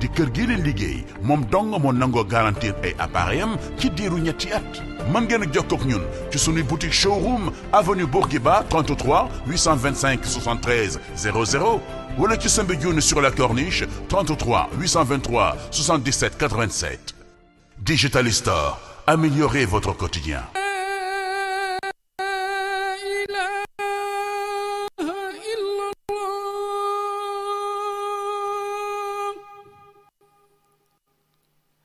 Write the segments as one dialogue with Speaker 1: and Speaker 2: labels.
Speaker 1: di kër gi leen liggéey moom dong moo nangoo garantir ay appareil am ci diiru ñetti at mën ngeen a jokkoo ak ñun ci suñuy boutique showroom avenue Bourguiba 33 825 73 00 wala ci Soumbédioune sur la corniche 33 823 77 87 Digital Store améliorez votre quotidien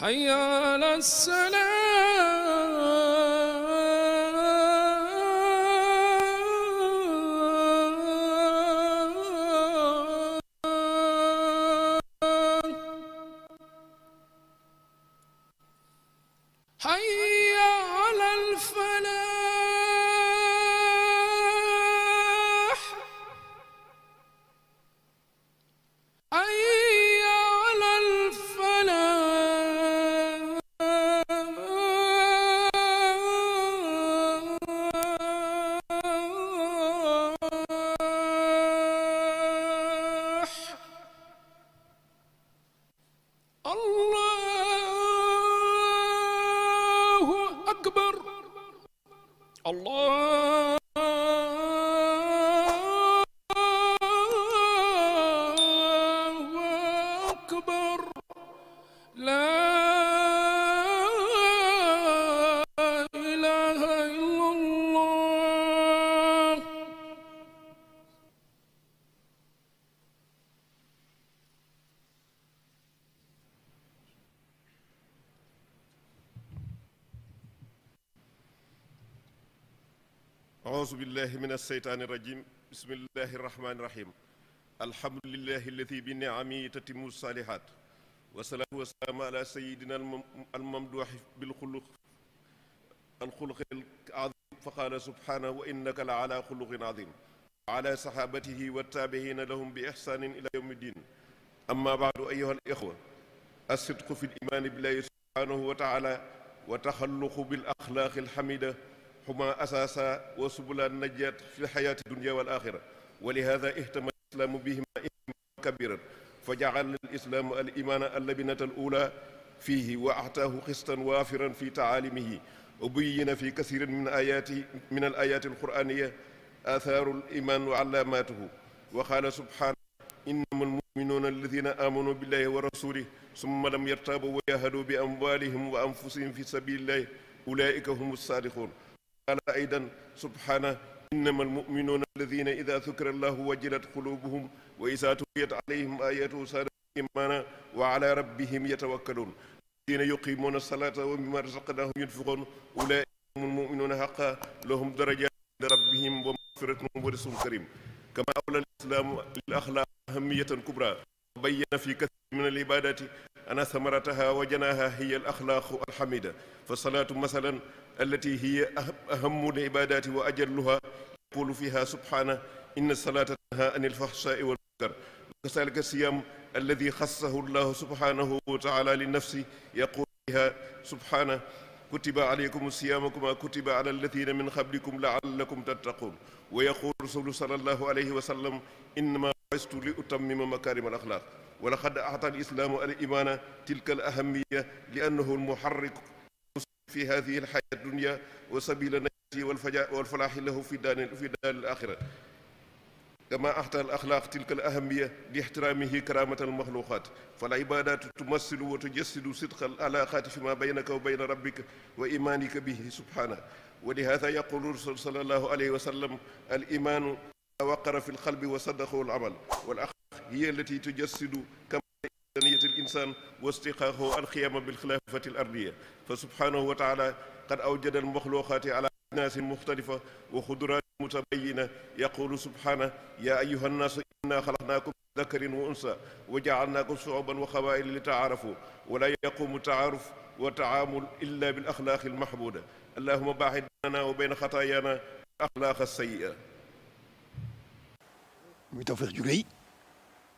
Speaker 2: حي على السلام Allah
Speaker 3: أعوذ بالله من الشيطان الرجيم بسم الله الرحمن الرحيم الحمد لله الذي بنعمه تتم الصالحات والصلاة والسلام على سيدنا الممدوح بالخلق الخلق العظيم فقال سبحانه وإنك لعلى خلق عظيم على صحابته والتابعين لهم بإحسان إلى يوم الدين أما بعد أيها الإخوة الصدق في الإيمان بالله سبحانه وتعالى وتخلق بالأخلاق الحميدة xumaa asaasa wa subula najaat fi lxayaati dunia wal axira wa lihaada ihtama islaamu bihima ihtimaam kabiran fa jacal alislaamu alimaana allabinata alula fiihi wa axtaahu xistan waafiran fi tacaalimihi ubuyina fi kasirin min ayaati min alayaati alqur'aniya athaaru aliman wa alaamaatuhu wa qaala subhaana innama almuminuuna alladina aamanuu billahi wa rasulih summa lam yartaabuu wa jahaduu bi amwaalihim wa anfusihim fi sabilillahi ulaika hum saadiquun قال أيضا سبحانه إنما المؤمنون الذين إذا ذكر الله وجلت قلوبهم وإذا تليت عليهم آياته صار إيمانا وعلى ربهم يتوكلون الذين يقيمون الصلاة ومما رزقناهم ينفقون أولئك هم المؤمنون حقا لهم درجات عند ربهم ومغفرة ورزق كريم كما أولى الإسلام للأخلاق أهمية كبرى وبين في كثير من العبادات ana samarataha wa janaha hiya al axlaaqu alxamida fa salaatu masalan allati hiya ahamu l ibadati wa ajalluha yaqulu fiha subhana inna salata tanha an ilfahsai walmunkar wa kasalika siyam alladi xassahu llahu subhanahu wa taala li nafsi yaqulu fiha subhana kutiba alaykum siyaama kama kutiba ala alladina min qablikum laallakum tattaquun wa yaqulu rasulu sallallahu alayhi wa sallam innama bu'istu li utammima makaarima al axlaaq wala xad axta alislaamu al imaana tilka al ahamiya li annahu almuxarrik fi hadihi alxayaa addunia wa sabila najati walfaja walfalaaxi lahu fi daani fi daani alaxira كما أحتى الأخلاق تلك الأهمية لاحترامه كرامة المخلوقات فالعبادات تمثل وتجسد صدق العلاقات فيما بينك وبين ربك وإيمانك به سبحانه ولهذا يقول الرسول صلى الله عليه وسلم الإيمان وقر في القلب وصدقه العمل والأخ hiya allati tujassidu كمالية الإنسان واستحقاقه القيام بالخلافة الأرضية فسبحانه وتعالى قد أوجد المخلوقات على أجناس مختلفة وخضرات متبينة يقول سبحانه يا أيها الناس إنا خلقناكم من ذكر وأنثى وجعلناكم شعوبا وقبائل لتعارفوا ولا يقوم التعارف والتعامل إلا بالأخلاق المحمودة اللهم باعد بيننا وبين خطايانا الأخلاق السيئة muy tawfeex ju rëy